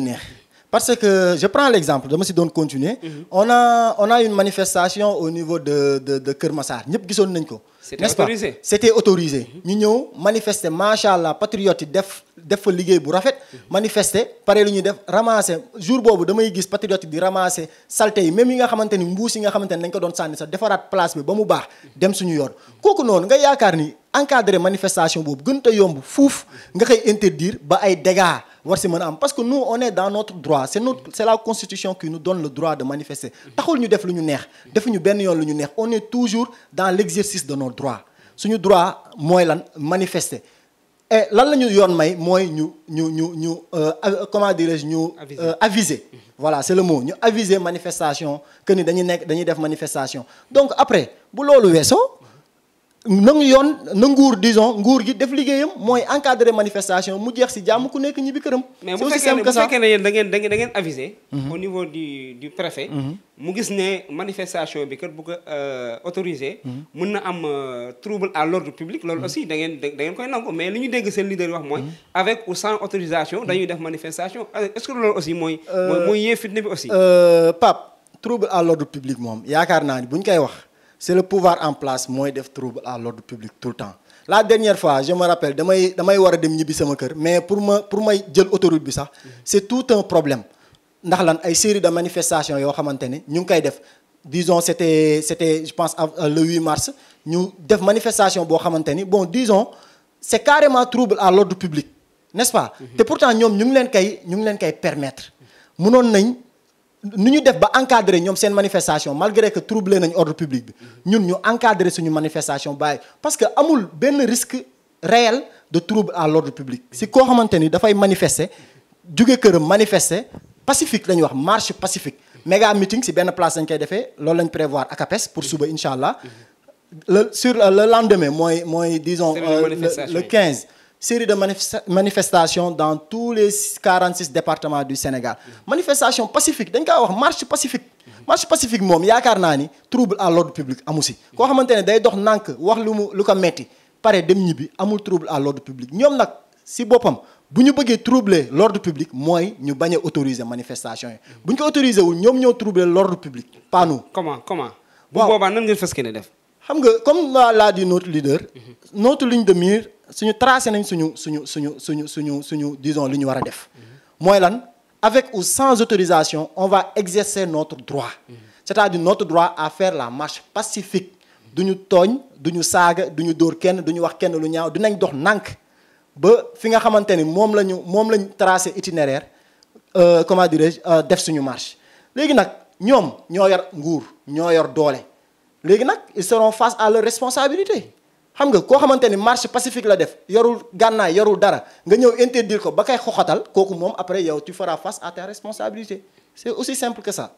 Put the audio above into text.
neex parce que je prends l'exemple dama si doon continuer mhm. on a on une manifestation au niveau de de de Kër Massar ñëpp gisoon nañ ko n'est-ce pas c'était autorisé mhm. ñu ñëw manifester macha allah patriote def def fa liggéey bu rafet mhm. manifester pare lu ñuy def ramasser jour boobu damay gis patriote yi di ramasser saleté yi même yi nga xamante ni mbuus yi nga xamante ni dañ ko doon sànni sax defaraat place bi ba mu baax dem suñu yoon kooku noonu nga yaakaar ni encadrer manifestation boobu gën yomb fuuf nga koy interdire ba ay dégâts war si mën am parce que nous on est dans notre droit c'est notre c'est la constitution qui nous donne le droit de manifester taxul ñu def lu ñu neex defuñu benn yoon lu ñu neex on est toujours dans l'exercice de nos droits suñu droit mooy lan manifester lan la ñu yoon may mooy ñu ñu ñu ñu euh, comment dirais-je ñu euh, aviser voilà c'est le mot ñu aviser manifestation que ni dañu nekk dañuy def manifestation donc après bu loolu weesoo nangu yoon na nguur disons nguur gi def liggéeyam mooy encadrer manifestation mu jeex si jàmm ku nekk ñibbi këram. mais bu fekkee bu fekkee yéen da ngeen da ngeen avisé. Mhm. au niveau du du mhm. mu gis ne manifestation bi kër bugg ko euh, autorisé. Mhm. mun na am euh, trouble à l'ordre public. loolu aussi da ngeen da ngeen koy nangu mais li ñu dégg seen leader wax mooy. avec ou sans autorisation dañuy def manifestation euh, est-ce que loolu aussi mooy. mooy mooy yee fitna bi aussi. Pape trouble à l'ordre public moom yaakaar naa ni ñu koy wax. c'est le pouvoir en place mooy def trouble à l'ordre public tout le temps la dernière fois je me rappelle damay damay war dem ñibbi sama kër mais pour ma pour may jël autoroute bi sax c'est tout un problème ndax lan ay série de manifestations yoo xamante ne ñu ngi koy def disons c'était c'était je pense euh, le 8 mars ñu def manifestation boo xamante ni bon disons c'est carrément trouble à l'ordre public n'est-ce pas mhm. te pourtant ñoom ñu ngi leen kay ñu ngi leen koy permettre mënoon nañ nu ñu def ba encadrer ñoom seen manifestation malgré que troublé nañ ordre public bi ñun ñu encadrer suñu manifestation bàyyi parce que amul benn risque réel de trouble à l'ordre public si koo xamante ni dafay manifester jóge këram manifester pacifique la wax marche pacifique méga meeting si benn place lañ koy defee loolu lañ prévoir akapes pour suba incha allah le sur euh, le lendemain mooy mooy disons euh, le 15 série de manifestations dans tous les 46 départements du Sénégal manifestation pacifique dañ kaa wax marche pacifique marche pacifique moom yaakaar naa ni trouble à l'ordre public amu si koo xamante ne day dox nànk wax lu mu lu ko metti pare dem ñibbi amul trouble à l'ordre public ñoom nag si boppam bu ñu bëggee troubler l'ordre public mooy ñu bañ a autoriser manifestation yi bu ñu ko autoriser wul ñoom ñoo troubler l'ordre public pas nous comment comment bu boobaa ne def xam nga comme suñu tracé nañ suñu suñu suñu suñu suñu suñu disons li ñu war a def mooy lan avec au sans autorisation on va exercer notre droit mm-hmm. c'est-à-dire notre droit à fair la marche pacifique mm-hmm. ñu tooñ du ñu saaga duñu dóor kenn du ñu wax kenn lu ñaaw du nañ dox nànk ba fi nga xamante ni moom la ñu moom lañ tracé itinéraire euh, comment dirais-je euh, def suñu marche léegi nag ñoom ñoo yor nguur ñoo yor doole léegi nag ils seront face à leur responsabilité xam nga koo xamante ni marché pacifique la def yorul gànnaay yorul dara nga ñëw interdire ko ba kay xoxatal kooku moom après yow tu feras face à ta responsabilité c'est aussi simple que ça